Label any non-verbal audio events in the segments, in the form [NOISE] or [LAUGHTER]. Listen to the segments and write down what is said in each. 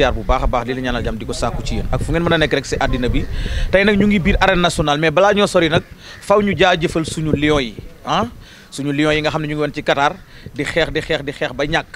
ziar bu baax a baax di la ñaanal jàmm di ko sàkku ci yéen ak fu ngeen mën a nekk rek si àddina bi tey nag ñu ngi biir arène nationale mais balaa ñoo sori nag faw ñu jaajëfal suñu lion yi ah suñu lion yi nga xam ne ñu ngi woon ci Qatar di xeex di xeex ba ñàkk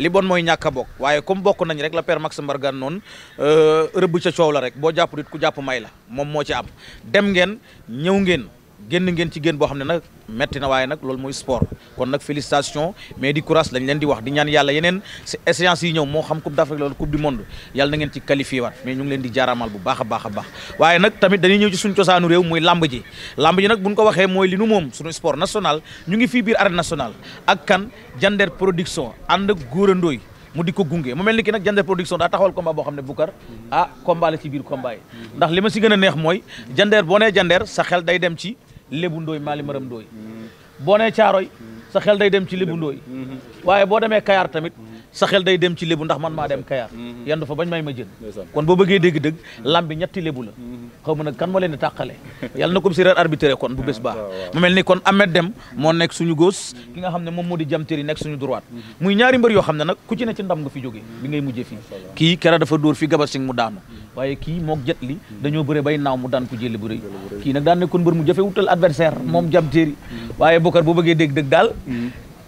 li bon mooy ñakk a bokk waaye comme bokk nañ rek la père Max Mbargane noonu euh, rëbb ca la rek boo jàpp nit ku jàpp may la moom moo ci am dem ngeen ñëw ngeen génn ngeen ci génn boo xam ne nag metti na waaye nag loolu mooy sport kon nag félicitation mais di courage lañ leen di wax di ñaan yàlla yeneen échéances yi ñëw moo xam coupe d'Afrique loolu coupe du monde yàlla na ngeen ci qualifié waat mais ñu ngi leen di jaaramal bu baax a baax a baax waaye nag tamit dañuy ñëw ci suñu cosaanu réew muy lamb ji lamb ji nag buñ ko waxee mooy li nu moom suñu sport national ñu ngi fii biir arène nationale ak kan Diender production ànd ak Gora Ndoye mu di ko gunge mu mel ni ki nag Diender production daa taxawal combat boo xam ne Boucar ah combat biir combat yi li ma si gën a neex mooy Diender boo nee sa xel day dem ci lébu ndooy maali maram ndooy boo nee caaroy sa xel day dem ci lébu ndooy mm-hmm. waaye boo demee kayaar tamit saxel day dem ci lébu ndax man maa dem kayaar mhm. yandu fa bañ may ma jën kon boo bëggee dégg-dëgg lam bi ñetti lébu la mhm. xaw ma nag kan ma leen di tàqale [LAUGHS] yàlla na ko séeréer arbitré kon bu bés baax mu mel ni kon ame dem moo nekk suñu gos ki nga xam ne moom moo di jamtéri nekk suñu droite mhm. muy ñaari mbër yoo xam ne nag ku ci ne ci ndam nga fi jógee bi ngay mujjee fii ki kera dafa dóor fi gabasing mu daanu waaye ki mook jet li dañoo bëre bay naaw mu daan ko jëli bu rëy kii nag daan nekkoon mbër mu jafe wutal adversaire moom jamtéri waaye bokkar boo bëggee dégg-dëgg daal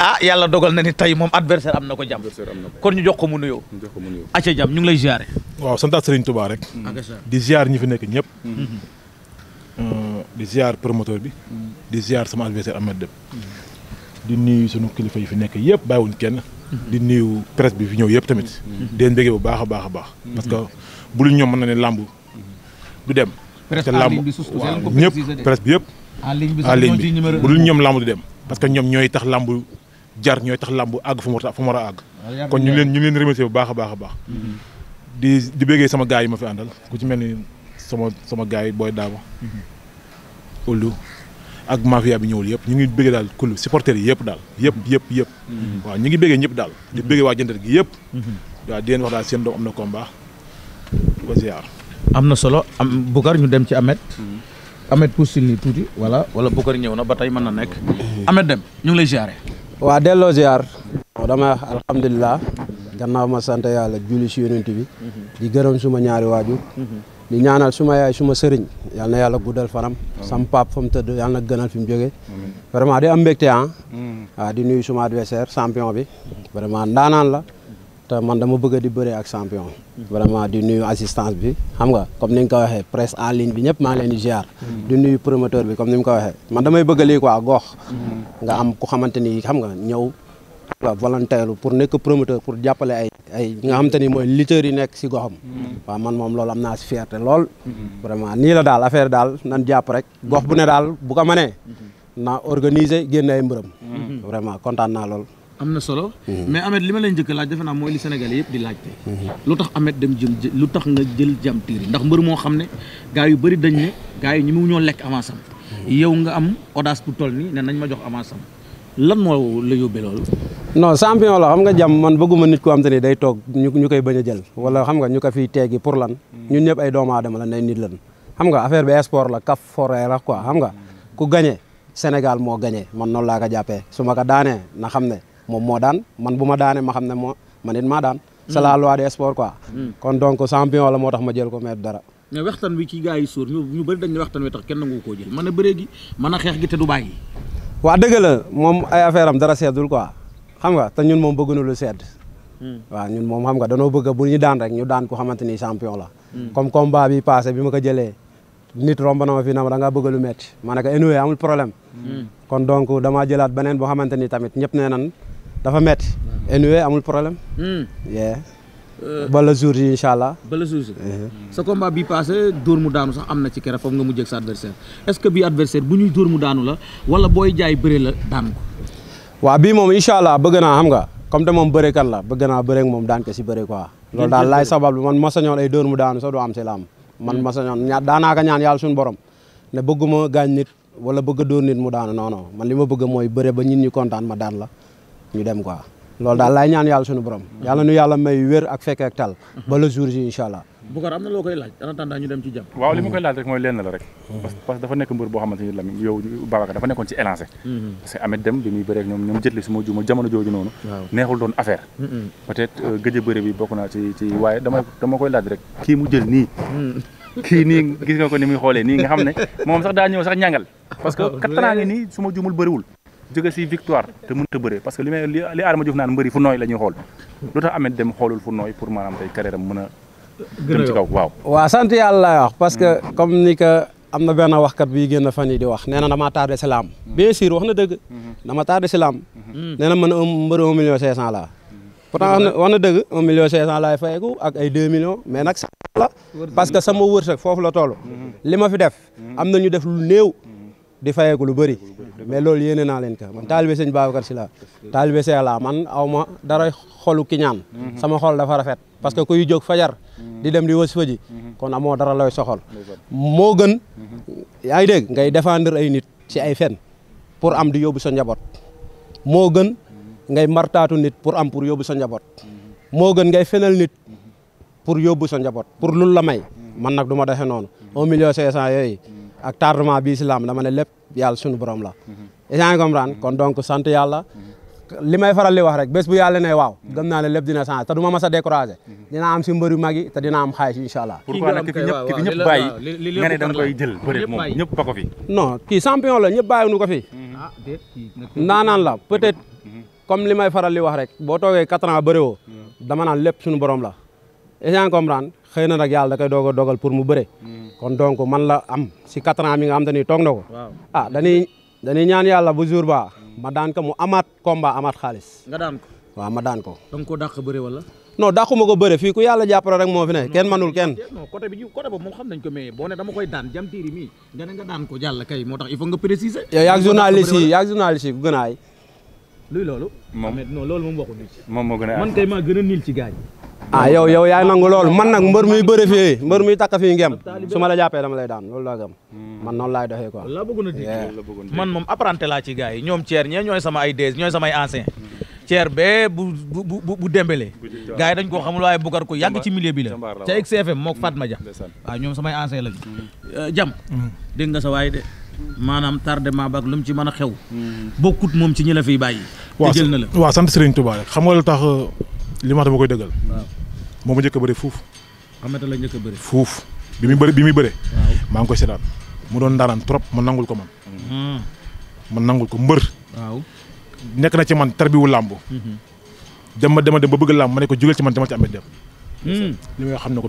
ah yàlla dogal na ni tey moom adversaire am na ko jàmm kon ñu jox ko mu nuyoo acca jàmm ñu ngi lay ziare waaw santaat Serigne Touba rek mm-hmm. di ziar ñi fi nekk ñëpp mm-hmm. euh, di ziar promoteur bi mm-hmm. di ziar sama adversaire Ahmed di nuyu sunu kilifa yi fi nekk yëpp bàyyiwuñ kenn di nuyu presse bi fi ñëw yëpp tamit deen baax a baax a que bu lu ñoom na ne làmb du dem te làmb ñëpp presse yëpp en ligne bi bu dul ñoom làmb du dem parce que ñoom ñooy tax làmb jar ñooy tax lamb àgg fu mu war a fu mu war a àgg. kon ñu leen ñu leen remercier bu baax a baax a baax. Mhm. di di bëggee sama gaay yi ma fi àndal ku ci mel ni sama sama gaay yi booy daaba. Mhm. Oulu ak mafia bi ñëwul yëpp ñu ngi bëggee daal kullu supporters yi yëpp daal yëpp yëpp yëpp. Mhm. waaw ñu ngi bëggee ñëpp daal. di bëggee waa jëndër gi yëpp. waaw di leen wax daal seen doom am na combat ko am na solo am Boucar ñu dem ci amet Ahmed puusil nii tuuti. voilà wala Boucar ñëw na ba tey mën na nekk. Ahmed lay waa delloo ziar waaw dama wax alhamdulilah gannaaw ma sant yàlla julli si yonent bi mhm. di gërëm suma ñaari waajur mhm. di ñaanal suma yaay suma sëriñ yal na yàlla guddal fanam sam pap fa mu tëdd yal na gënal fi mu jógee vraiment di am mbégte ah mhm. waaw di nuyu suma adversaire champion bi vraiment ndaanaan la te man dama bëgg di bëree ak champion. vraiment di nuyu assistance bi xam nga comme ni nga ko waxee presse en ligne bi ñëpp maa leen di ziar. di nuyu promoteur bi comme ni nga ko waxee man damay bëgg lii quoi gox. nga am ku xamante ni xam nga ñëw. waaw volontaire pour nekk promoteur pour jàppale ay ay nga xam te ni mooy liteur yi nekk si goxam. waaw man moom loolu am naa si fierté lool. vraiment nii la daal affaire daal nan jàpp rek. gox bu ne daal bu ko mënee. na organiser génne ay mbërëm. vraiment kontaan naa lool. am na solo. mais Ameth li ma leen njëkk laaj defe naa mooy li Sénégalais yëpp di laajte. lu tax Ameth dem jël lu tax nga jël jam tiir ndax mbër moo xam ne gars yu bëri dañ ne gars yi ñu mu ñoo lekk avance am. yow nga am audace bu toll nii ne nañ ma jox avance lan moo la yóbbee loolu. no champion la xam nga jàmm man bëgguma nit ko am te ni day toog ñu ñu koy bañ a jël wala xam nga ñu ko fiy teegi pour lan ñun ñëpp ay doomu aadama lan ay nit lan xam nga affaire bi sport la kaf forêt la quoi xam nga ku gagné Sénégal moo gagné man noonu laa ko jàppee su ma ko daanee na xam ne moom moo daan man bu ma daanee ma xam ne moo man it maa daan. c'est la mm. loi des mm. kon donc champion la moo tax ma jël ko mais dara. mais waxtaan wi ci gars yi suur ñu ñu bëri dañ ne waxtaan wi tax kenn a bëree a moom ay affaire am dara seddul quoi xam nga te ñun moom bëgguñu lu sedd. Mm. waaw ñun moom xam nga danoo bëgg bu ñu daan rek ñu daan ko xamante ni champion la. comme combat bi ma ko jëlee. nit romb na ma fii na ma da ngaa bëgg lu métti ma ne ko anyway amul problème. kon donc damaa jëlaat beneen boo xamante ni tamit ñëpp nee nan dafa metti mm-hmm. anyway amul problème. Mm. yeah. Euh, ba le jour yi incha allah. ba le jour yi. Uh-huh. sa mu daanu sax am na ci keroog foofu nga mujjee ak sa adversaire est-ce que bii bu ñuy dóor mu daanu la wala booy jaay bëre la daan ko. waaw bii moom incha allah naa xam nga comme te moom bërekat la bëgg naa bëreeg moom daan ko si bëre quoi. loolu daal laay sabab man ma sañoon ay dóor mu daanu sax du am si laam. man mm. ma sañoon ña daanaaka ñaan yàlla suñu borom ne bëgguma gaañ nit wala bëgg a dóor nit mu daanu noonoo man li ma bëgg mooy bëre ba nit ñi kontaan ma daan la ñu dem quoi loolu daal laay ñaan yàlla suñu borom yàlla nu yàlla may wér ak fekk ak tal ba le jour ji incha allah Boucar am na loo koy laaj en attendant ñu dem ci jàmm waaw li ma koy laaj rek mooy lenn la rek parce que dafa nekk mbër boo xamante ni Lamine yow Babacar dafa nekkoon ci élancé mhm. parce que Amet Dem bi muy bëreek ñoom ñoom jëtli ma juma jamono jooju noonu neexul doon affaire mhm. peut-être euh, gëj a bëre bi bokk waaye dama dama koy laaj rek kii mu jël nii mhm. kii nii gis nga ko ni muy xoolee nii nga xam ne [LAUGHS] moom sax daa ñëw sax ñàngal parce que kattanaa ngi nii su ma jumul bëriwul jóge si victoire te mënut a bëree parce que li may li Adama Diouf naan mbëri fu nooy la ñuy xool lu tax Ameth Deme xoolul fu nooy pour maanaam tey carrière mën a dem ci kaw waaw waaw sant yàlla laay wax parce que mm. comme ni am na benn waxkat biy génn fan na damaa tardé mm. wax na dëgg mm-hmm. a mm-hmm. mbëri un million cinq cent laa mm-hmm. pourtant wax na dëgg un million cinq cent laay fayeeku ak ay deux millions mais nag la parce que sama wërsëg foofu la toll li ma fi def am na ñu def lu di fayeeku lu bëri mais loolu yeneen naa leen ka man taalibe sëñ Babacar Sylla taalibe Seex laa man aw ma dara xolu kiñaan mhm. sama xol dafa rafet parce que kuy jóg fajar mhm. di dem di wasifa ji mhm. kon amoo dara looy soxal moo gën yaa ngi dégg ngay défendre ay nit ci ay fen pour am di yóbbu sa njaboot moo gën ngay martaatu nit pour am pour yóbbu sa njaboot moo gën ngay fenal nit pour yóbbu sa njaboot pour loolu la may man nag du ma doxe noonu un million cinq cent yooyu ak tardement bii si lamb dama ne lépp yàlla suñu borom la. yaa ngi comprendre kon donc sant yàlla. li may faral di wax rek bés bu yàlla ne waaw gëm naa ne lépp dina changé te du ma mas a découragé dina am si mbëru mag yi dina am xaalis incha allah pourquoi nag ki fi ñëpp ki fi ñëpp bàyyi nga ne da koy jël bëri moom ñëpp ba ko fi non kii champion la ñëpp bàyyiwuñu ko fi ah, naanaan la mm-hmm. peut être comme li may faral di wax rek boo toogee quatre ans bëri woo mm-hmm. dama naan lépp suñu borom la yaa ngi comprendre xëy na nag yàlla da koy doog a dogal pour mu bëre. Hmm. kon donc man la am si quatre ans mi nga xam te ni toog na ko. ah dañuy dañuy ñaan yàlla bu jour ba ma daan ko mu amaat combat amaat xaalis. nga daan ko ma daan ko. da nga koo dàq bëre wala. non dàqu ma ko bëre fii ku yàlla jàppale rek moo fi ne kenn manul kenn. non côté bi côté boobu moom xam nañ ko mais boo ne dama moo tax il faut nga préciser. yow yaa ngi journaliste yi ku gën ay. loolu. moom non loolu moom waxuñu ci. moom moo gën a man kay a ah yow yow yaay nangu loolu man nag mbër muy bëre fii mbër muy takk fii ngem su ma la jàppee dama lay daan loolu laa gëm man noonu laay doxee quoi la bëggoon a dégg man moom apprenti laa ci gars yi ñoom Thier ñee ñooy sama ay des ñooy samay ancien Thier bee bu bu bu Dembélé gars yi dañ ko xamul waaye Bougar ko yàgg ci millier bi la ca XFM mook mm. Fatma Dia waaw ñoom samay ancien lañu mm. euh, jam mm. dégg nga sa waay de maanaam tardement ba ak lu mu ci man a xew bokkut moom ci ñi la fiy bàyyi te jël na la waaw sant Serigne Touba rek xam nga lu tax euh, li ma wax dama koy dëggal moo ma njëkk a bëre fuuf. la njëkk a bëre. fuuf bi mu bëre bi muy bëre. maa ngi koy seetaan mu doon ndaanaan trop ma nangul ko man. Hmm. ma nangul ko mbër. nekk na ci man tarbiwu làmb. Hmm. dem ma dem ba bëgg làmb ma ne jógeel ci man demal ci Ameth Dème. Hmm. li mu jàngal ma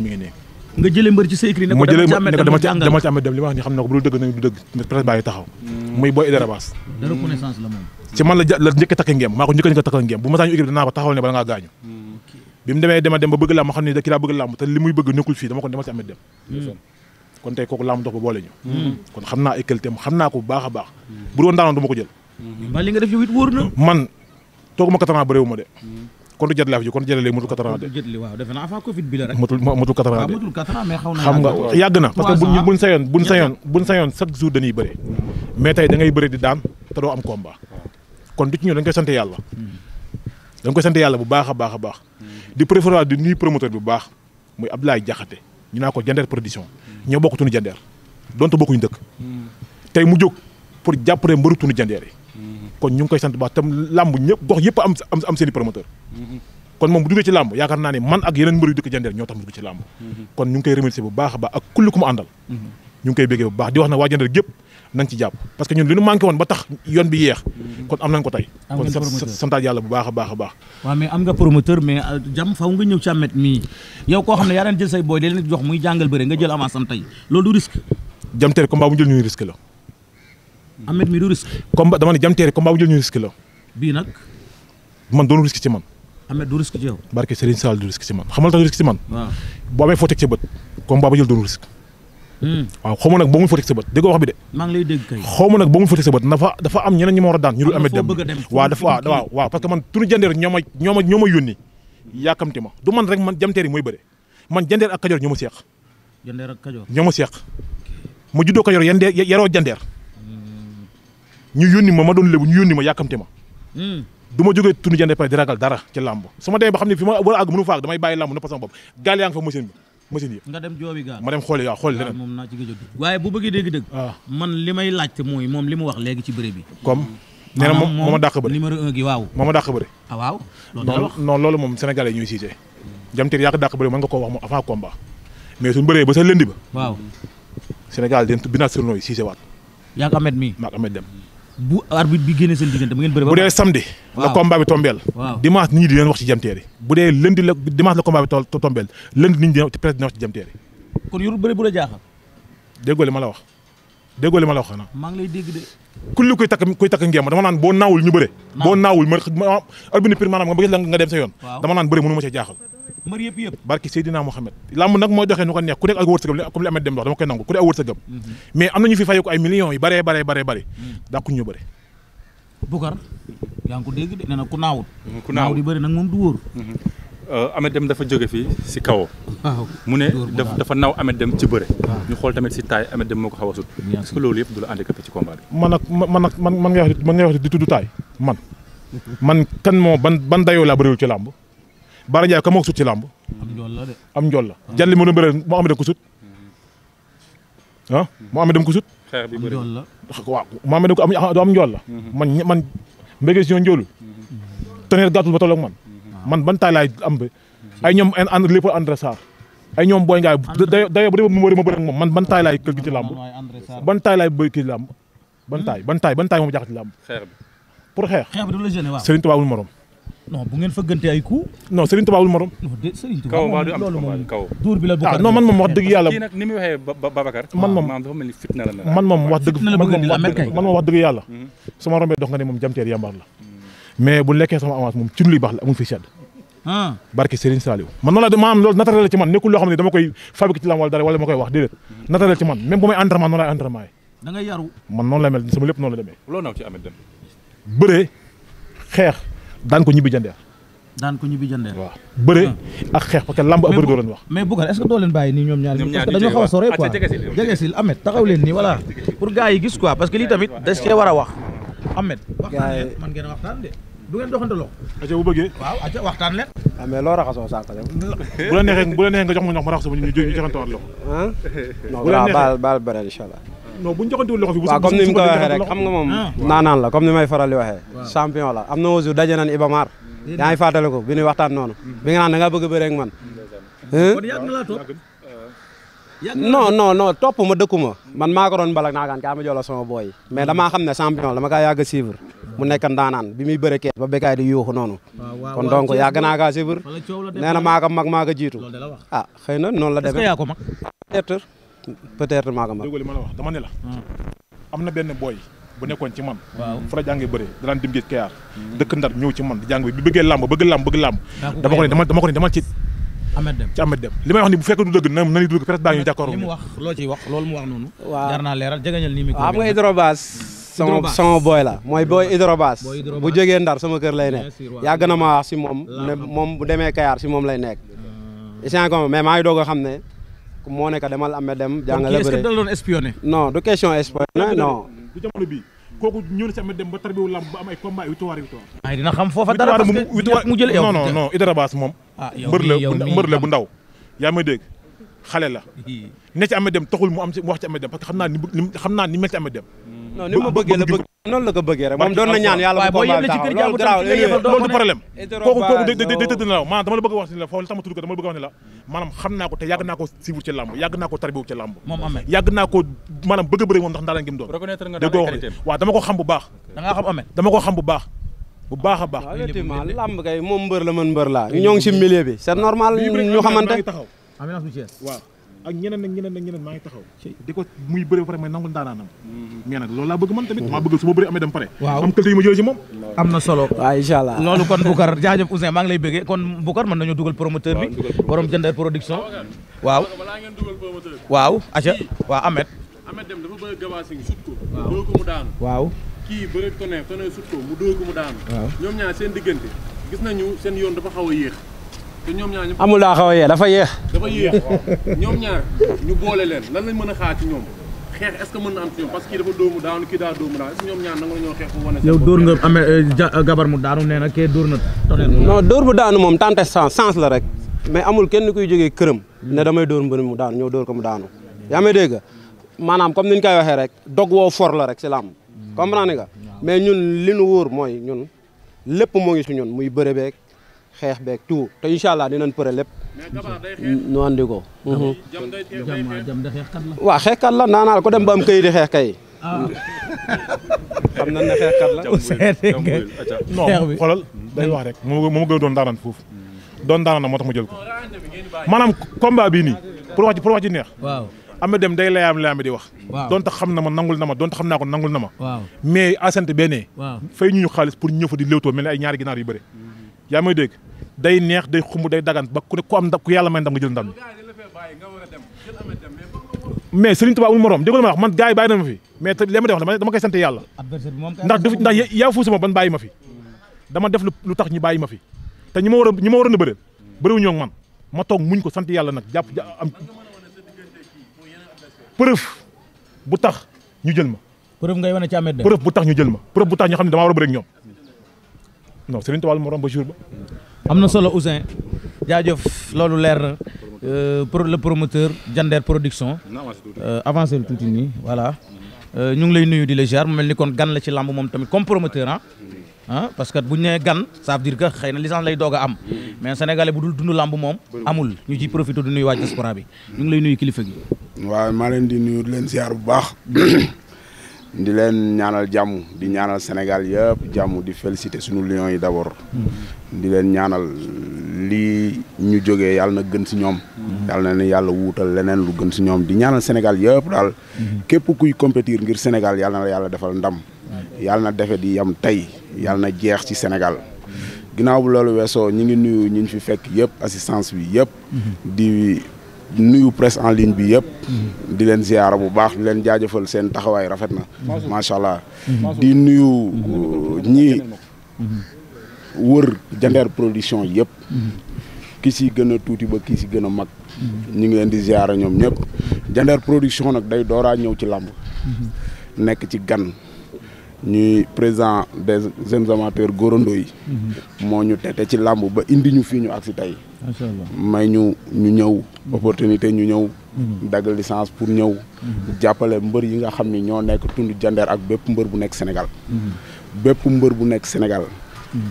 jëlee demal ci Ameth Dème li ma wax xam na ko bu dul dëgg nag du dëgg peut bàyyi taxaw. muy booy Idara Baas. ci man la ja la njëkk a takk ngeem maa ko njëkk a takk ngeem bu ma saa ñu écrit danaa ko taxawal ne bala bi mu demee dema dem ba bëgg làmb da ki te li muy bëgg nekkul fii dama kon demal ci Ameth Deme mm. kon tey kooku làmb dox ba boole ñu mm. kon xam naa ay am xam naa a baax bu doon daanoon du ma ko mm. nga def yow it wóor na man tooguma quatre ans ba réew ma de kon du jot laa fi ji kon jëlee léegi matul quatre la bëre mais tey da bëre di daan te doo am combat kon du ci ñëw dañ koy sant yàlla dañ koy sant yàlla bu baax a baax a baax di préféré di nuyu promoteur bi bu baax muy Abdoulaye Diakhaté ñu naa ko Jandeer production ñoo bokk tunu Jandeer donte bokkuñu dëkk tey mu jóg pour jàppale mbëru tunu Jandeer yi kon ñu ngi koy sant bu baax tam làmb ñëpp gox yëpp am am seen i promoteur kon moom bu duggee ci làmb yaakaar naa ne man ak yeneen mbër yu dëkk Jandeer ñoo tax mu dugg ci làmb kon ñu ngi koy remercier bu baax a baax ak kulli ku mu àndal ñu ngi koy béggee bu baax di wax na waa Diender gépp nañ ci jàpp parce que ñun li ñu manqué woon ba tax yoon bi yeex kon am nañ ko tey kon yàlla bu baax a baax a baax waaw mais am nga promoteur mais euh, jàmm faw nga ñëw càmmet mii yow koo xam ne yaa daan jël say booy da leen jox muy jàngal bëre nga jël avance am loolu du risque jam teere combat bu jël la amet mi du risque combat dama ne jam teere combat bu jël ñuy risque la bii nag man doonu risque ci man amet du risque ci yow barke Serigne Sall du risque ci man xamal tax du risque ci man boo amee Hmm. waaw xaw ma nag boo mu fa teg lay dégg kay xaw ma nag boo mu fa dafa am ñeneen ñu ma war a daan ñu dul amee dem waaw dafa waaw waaw parce que man turu jandeer ñoo ma ñoo ma du man rek man jamteer yi mooy bëre man jandeer ak kajoor ñoo ma seeq jandeer ak kajoor ñoo ma seeq ma juddoo kajoor yandee yaroo jandeer ñu yónni ma ma doon lébu ñu yónni ma yàkkamti ma hmm. du ma jógee turu jandeer pare di ragal dara ci làmb su ma demee ba xam ne fi ma war a àgg mënu fa damay bàyyi làmb na pasam bopp gaal yaa ngi fa machine bi machine yi nga dem joobi ma dem xooli waaw a leneen moom naa ci gëj waaye bu bëggee dégg dëgg ah. waaw man li may laajte mooy moom li mu wax léegi ci bëre bi comme nee na moom mooma dàq bëri numéro un gi waaw mooma dàq bëri ah waaw non loolu moom sénégalais yi ñuy siisee jamteer yaa ko dàq bëri mën nga ko wax moom avant combat mais suñu bëree ba sa lëndi ba waaw sénégal den binaat surno yi siisee waat yaa ak Ahmed mii maa ak Ahmed dem bu arbitre bi génnee seen diggante bu ngeen bëri ba bu dee samedi la combat bi tombeel dimanche nit ñi di leen wax ci jam la dimanche la combat bi to tombeel lundi nit ñi di presse dina wax ci jam teeri kon yorul bëri bu la jaaxal déggoo ma la wax déggoo li ma la xanaa maa ngi lay dégg de kulli kuy takk kuy takk ngeem dama naan boo naawul ñu bëre boo naawul ma arbitre bi maanaam nga bëgg la nga dem yoon dama naan bëri mënu ma cee jaaxal mbër yëpp yëpp barki Seydina Mohamed lamb nag mooy doxee nu ko neex ku nekk ak wërsëgam comme li amet dem wax dama koy nangu ku nekk ak wërsëgam mm-hmm. mais mm. na ku naawut mm, ku naawut yi bëri nag moom du wóor mm-hmm. euh, Amet Dem dafa jóge fii si kawo mu ne dafa naw Amet Dem ci bëre ñu xool tamit si taay Amet Dem moo xaw a sut parce loolu yëpp du la handicapé ci combat bi man nag man nag man man ngay wax man ngay di tudd taay man man kan moo ban ban dayoo laa bëriwul ci làmb Bara Ndiaye ka moo sut ci làmb. am njool la de am njool la. jàll li mu doon bëre moo am dem ko sut. ah moo am dem ko sut. xeex bi bëri la waaw moo am dem ko am am njool la. Mm-hmm. man man mbége si ñoom njoolu. man. Mm-hmm. man ban taay laay am ba. Mm-hmm. ay ñoom ànd lépp André Sarr ay ñoom booy ngaay dayo dayo bu dee mu wër moom man ban taay laay kër gi ci làmb. ban taay laay bëri kii làmb. Hmm? ban taay ban moom jaaxal ci làmb. xeex xeex. xeex bi du la non bu ngeen fëggante ay coup non Serigne dëgg yàlla kii nag wax dëgg man moom wax dëgg yàlla su ma rombee dox mm-hmm. lekkee sama avance moom ci luy la amul fi sedd ah. barke Serigne Saliou man noonu la ma am loolu naturel ci man nekkul loo xam ne dama koy fabriqué ci lam wala dara wala ma koy wax déedéet mm-hmm. naturel ci man même bu may entraînement noonu laay entraînement yi man noonu la mel sama lépp noonu la demee loo xeex daan ko ñibbi jandeer daan ko ñibbi jandeer waaw bëre ah. ak xeex parce que lamb ak bëre doo wax mais Bougar est-ce que doo leen bàyyi nii ñoom ñaar parce que dañoo xaw a sore quoi jege sil Ahmed taxaw leen nii voilà pour gars yi gis quoi parce que lii tamit da cee war a wax Ahmed waxtaan man ngeen waxtaan de du ngeen doxantaloo aca bu bëggee waaw aca waxtaan leen ah mais loo raxasoo sànq [LAUGHS] bu la bu la neexee nga jox ma ndox ma [LAUGHS] bu la neexee baal non bu ñu joxantewul loxo fi waaw comme ni mu ko waxee rek xam nga moom naanaan la comme ni may faral di waxee champion la am na wasu daje nañ Iba Mar yaa ngi fàttale ko bi ñuy waxtaan noonu bi nga naan da bëgg a bëre ak man non non non ma dëkku ma man maa ko doon balak naagaan kaa ma jola sama booy mais damaa xam ne champion la ma kaa yàgg a mu nekk ndaanaan bi muy bëre kees ba békaay di yuuxu noonu kon donc yàgg naa kaa suivre nee na maa ko mag maa ko jiitu a ah, xëy na noonu la demee peut peut-être maa ko ma déggoo li ma la wax dama ne la hmm. am na benn booy bu nekkoon ci man fu la jàngee bëre da daan dim géej kayaar dëkk ndar ñëw ci man di jàng bi bëggee làmb bëgg làmb bëgg làmb dama ko ne dama ko ne dama ci Amed Dem ci Amed Dem li may wax ni bu fekkee du dëgg na ni du dëgg peut baa ñu jàkkaaroo li mu wax wax loolu mu wax ah, booy la mooy booy hydrobas bu jógee ndar sama kër lay nekk yàgg na ma wax si moom ne moom bu demee kayaar si moom lay nekk euh. isin comme mais maa ngi doog a xam ne moo nekk demal amee dem. jàngale bëri donc est-ce que da doon espionné. non du question espionné non. du jamono bii kooku ñëw na si amee dem ba tarbiwu ba am ay combat victoire ay ah, dina xam non non non Idara Bass moom. Ah, mbër la mbër la bu ndaw. yaa may dégg xale la. ne ci amee dem taxul mu am ci wax ci amee dem parce que xam naa ni xam naa dem non ni ma bëggee la bëgg noonu la ko moom doon na ñaan yàlla bu ko ma taxaw loolu garaaw loolu du problème kooku kooku day tëdd na la maanaam la bëgg a wax ni la foofu la tax ma tudd ko dama la bëgg a wax ni moom amee yàgg naa ko ko xam bu baax da ko xam bu baax bu baax a baax effectivement làmb kay moom mbër la man mbër laa ñoo ngi normal ñu xamante ak ñeneen ak ñeneen ak ñeneen maa ngi taxaw di ko muy bëri ba pare may nangul ndaanaanam mm-hmm. mais nag loolu laa bëgg man tamit mm-hmm. maa bëgg su ma bëri amee dem pare am qualité yi ma jëlee ci moom am na solo waaw incha allah loolu kon Boucar jaajëf Ouzin maa ngi lay bëggee kon Boucar mën nañoo dugal promoteur bi borom jëndal production waaw waaw aca waaw Ahmed Ahmed dem dafa bëgg Gabbar Singh sut ko dóor ko mu daanu waaw kii bëri tonnerre tonnerre sut ko mu dóor ko mu daanu ñoom ñaar seen diggante gis nañu seen yoon dafa xaw a yéex amul daa xaw a yee dafa yéex. dafa yéex ñoom ñaar ñu boole leen lan lañ mën a xaar ci ñoom xeex est-ce que mën na am ci ñoom parce que kii dafa dóomu daanu kii daa dóor amee euh, euh, gabar mu daanu nee na kee na toneel. dóor bu daanu moom tante sens sens la rek mais amul kenn kuy jógee këram ne hmm. damay dóor mbër mu daanu ñëw dóor ko mu daanu yaa may dégg maanaam comme ni ñu koy waxee rek dog woo for la rek si làmb hmm. comprendre nga hmm. mais ñun li nu wóor mooy ñun lépp moo ngi si ñun muy bëre beek xeex beeg to te incha allah dinañ pare lépp ñu andi ko. jam de xeexkat la. waaw xeexkat la naanaal ko dem ba am këyit xeex kay. xam na ne xeexkat la. non xoolal wax rek mu ma gën doon daanaan foofu. doon daanaan moo tax mu jël ko maanaam combat bii nii pour wax ci pour wax ci neex. waaw am dem day layaam layaam di wax. waaw doon tax xam na ma nangul na ma doon tax xam naa ko nangul na ma. waaw mais asante benn. waaw fay ñu ñu xaalis pour ñëw di léwtoo mel ay ñaari ginaar yu bëri. yaa may dégg day neex day xumb day dagan ba ku ne ku am ndam ku yàlla may ndam nga jël ndam mais Serigne Touba amul morom dégg nga ma wax man gars yi bàyyi na ma fi mais li ma wax dama koy sant yàlla ndax def ndax yaa fuusu ma ban bàyyi ma fi dama def lu tax ñu bàyyi ma fi te ñi ma war a ñi ma waroon a bëri bëriwuñoo ak man ma toog muñ ko sant yàlla nag jàpp am preuve bu tax ñu jël ma preuve bu tax ñu jël ma preuve bu tax ñu xam ne damaa war a bëri ak ñoom non Serigne Touba moo ba jour ba. am na solo Ouzin jaajëf loolu leer na euh, pour le promoteur Diender production euh, avancé lu tuuti nii voilà euh, ñu ngi lay nuyu di la ziar mu mel ni kon gan la ci làmb moom tamit comme promoteur ah. Ah, parce que bu ñu gan ça veut dire que xëy na licence lay doog am mais sénégalais bu dul dund làmb moom amul ñu ciy profité di nuyu waa diaspora bi ñu ngi lay nuyu kilifa gi. waaw maa leen di nuyu di leen ziar bu baax. di leen ñaanal jàmm di ñaanal Sénégal yëpp jàmm di féliciter suñu lions yi d'abord. Mm-hmm. di leen ñaanal lii ñu jóge yàlla na gën si ñoom. Mm-hmm. yàlla na yàlla wuutal leneen lu gën si ñoom di ñaanal Sénégal yëpp daal. Mm-hmm. képp kuy compétir ngir Sénégal yàlla yàlla defal ndam. yàlla na defe di yam tey yàlla na jeex ci Sénégal. ginnaaw bu loolu weesoo ñi ngi nuyu ñi ñu fi fekk yëpp assistance bi yëpp. di. nuyu presse en ligne bi yëpp. Mm-hmm. di leen ziyaara bu baax leen jaajëfal seen taxawaay rafet na. macha allah di nuyu mm-hmm. ñi mm-hmm. wër Jandeer production yëpp. ki si gën a tuuti ba ki si gën a mag. ñu ngi leen di ziyaara ñoom ñëpp. Jandeer production nag day dooraa ñëw ci làmb nekk ci gan. ñuy président des jeunes amateurs góorandoo yi. Mm-hmm. moo ñu tete ci làmb ba indi ñu fii ñu ak si tey. macha allah may ñu ñu ñëw mm-hmm. opportunité ñu ñëw. Mm-hmm. dagg licence pour ñëw. jàppale mbër yi nga xam ni ñoo nekk tund jandeer ak bépp mbër bu nekk senegal bépp mbër bu nekk Sénégal.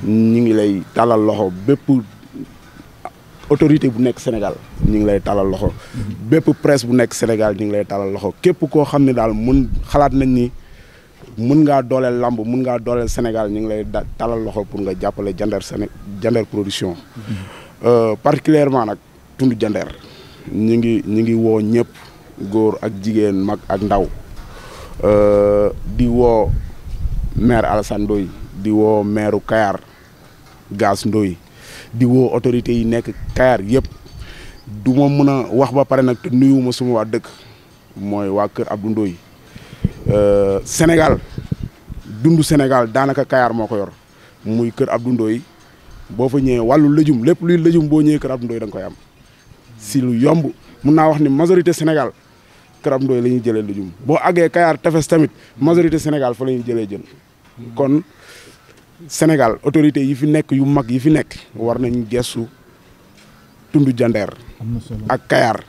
ñu ngi lay talal loxo bépp autorité bu nekk Sénégal ñu ngi lay talal loxo. bépp presse bu nekk Sénégal ñu ngi lay talal loxo képp koo xam ne daal mun xalaat nañ ni. mun ngaa dooleel lamb mun ngaa dooleel Sénégal ñu ngi lay talal loxo pour nga jàppale Diender Séné Diender production. Mm-hmm. Euh, particulièrement nag tund Diender. ñu ngi ñu ngi woo ñëpp góor ak jigéen mag ak ndaw euh, di woo maire Alassane Ndoye di woo maireu Kayar Gass Ndoye di woo autorités yi nekk Kayar yëpp du ma mën a wax ba pare nag te nuyuwuma suma waa dëkk mooy waa kër Abdou Ndoye Euh, Sénégal dund Sénégal daanaka Kayar moo ko yor muy kër Abdou Ndoye boo fa ñëwee wàllu lëjum lépp luy lëjum boo ñëwee kër Abdou Ndoye da nga koy am si lu yomb mun naa wax ni majorité Sénégal kër Abdou Ndoye la ñuy jëlee lëjum boo àggee Kayar tefes tamit majorité Sénégal fa la ñuy jëlee jën kon Sénégal autorité yi fi nekk yu mag yi fi nekk war nañu gestu tund Jandeer ak Kayar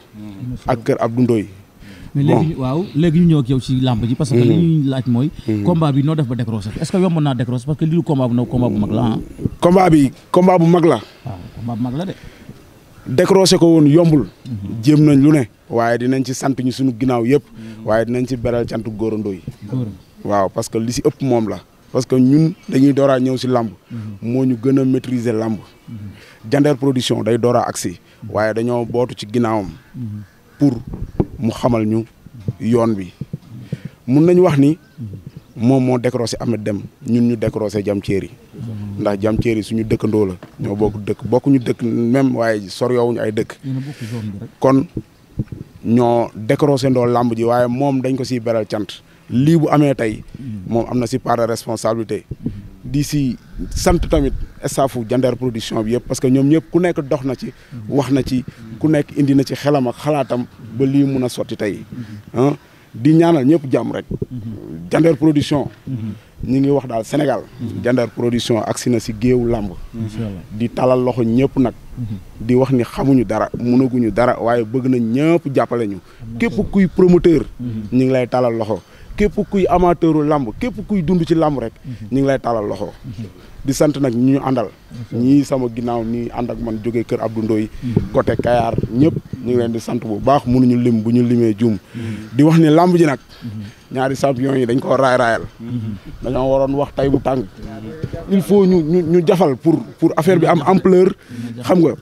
ak kër Abdou Ndoye mais léegi waaw léegi ñu ñëw ak yow ci làmb ji parce que li ñuy mm-hmm. laaj mooy mm-hmm. combat bi noo def ba décroché est-ce que yomb naa décroché parce que lii bi combat bu mag la waaw combat la de décroché ko woon yombul mm-hmm. jéem nañ lu ne waaye dinañ ci sant ñu suñu ginnaaw yëpp waaye dinañ ci beral cantu góorandoo yi waaw parce que li si ëpp moom la parce que ñun dañuy dooraa ñëw si làmb moo ñu gën a maîtriser làmb Diender production day dooraa agsi waaye dañoo bootu ci ginnaawam pour mu xamal ñu yoon bi mun nañ wax ni moom moo décroché Ameth Dème ñun ñu décroché Diam Terry ndax Diam Terry suñu dëkkandoo la ñoo bokk dëkk bokkuñu dëkk même waaye sor soryoowuñu ay dëkk kon ñoo décroché ndoo làmb ji waaye moom dañ ko si beral cant lii bu amee tey moom am na si part de responsabilité di si sant tamit staffu Jandeer production bi yëpp parce que ñoom ñëpp ku nekk dox na ci wax na ci ku nekk indi na ci xelam ak xalaatam ba lii mun a sotti tey ah di ñaanal ñëpp jàmm rek Jandeer production ñu ngi wax daal Sénégal Jandeer production agsi na si géew làmb di tàllal loxo ñëpp nag di wax ni xamuñu dara munaguñu dara waaye bëgg na ñëpp jàppale ñu képp kuy promoteur ñu ngi lay talal loxo képp kuy amateuru làmb képp kuy dund ci làmb rek ñu ngi lay taalal loxo di sant nag ñu àndal ñii sama ginnaaw nii ànd ak man jógee kër Abdou Ndoye côté Kayar ñëpp ñu ngi leen di sant bu baax munuñu lim bu ñu limee juum di wax ni làmb ji nag ñaari champion yi dañ koo raay raayal dañoo waroon wax tey bu tàng il faut ñu ñu ñu jafal pour pour affaire bi am ampleur xam nga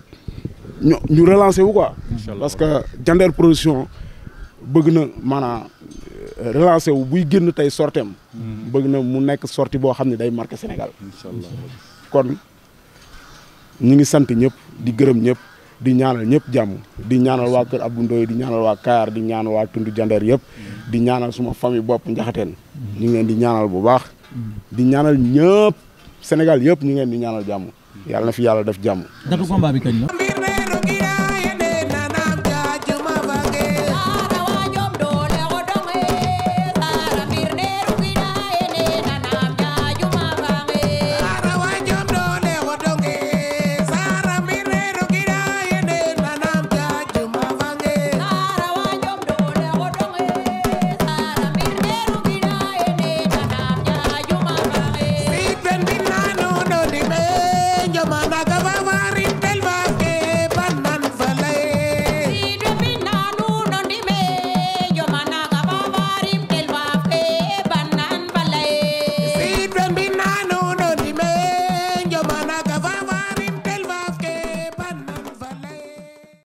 ñu ñu relancer ko quoi parce que Diender Production bëgg na maanaam relancé wu buy génn tey sortem mm-hmm. bëgg na mu nekk sorti boo xam ne day marqué Sénégal kon ñu ngi sant ñëpp di gërëm ñëpp di ñaanal ñëpp jàmm di ñaanal waa kër Abdou Ndoye di ñaanal waa Kayar di ñaanal waa Tundu Jandeer yëpp di ñaanal suma famille bopp njaxateen ñu ngi leen di ñaanal bu baax mm-hmm. di ñaanal ñëpp Sénégal yëpp ñu ngeen di ñaanal jàmm yàlla na fi yàlla def jàmm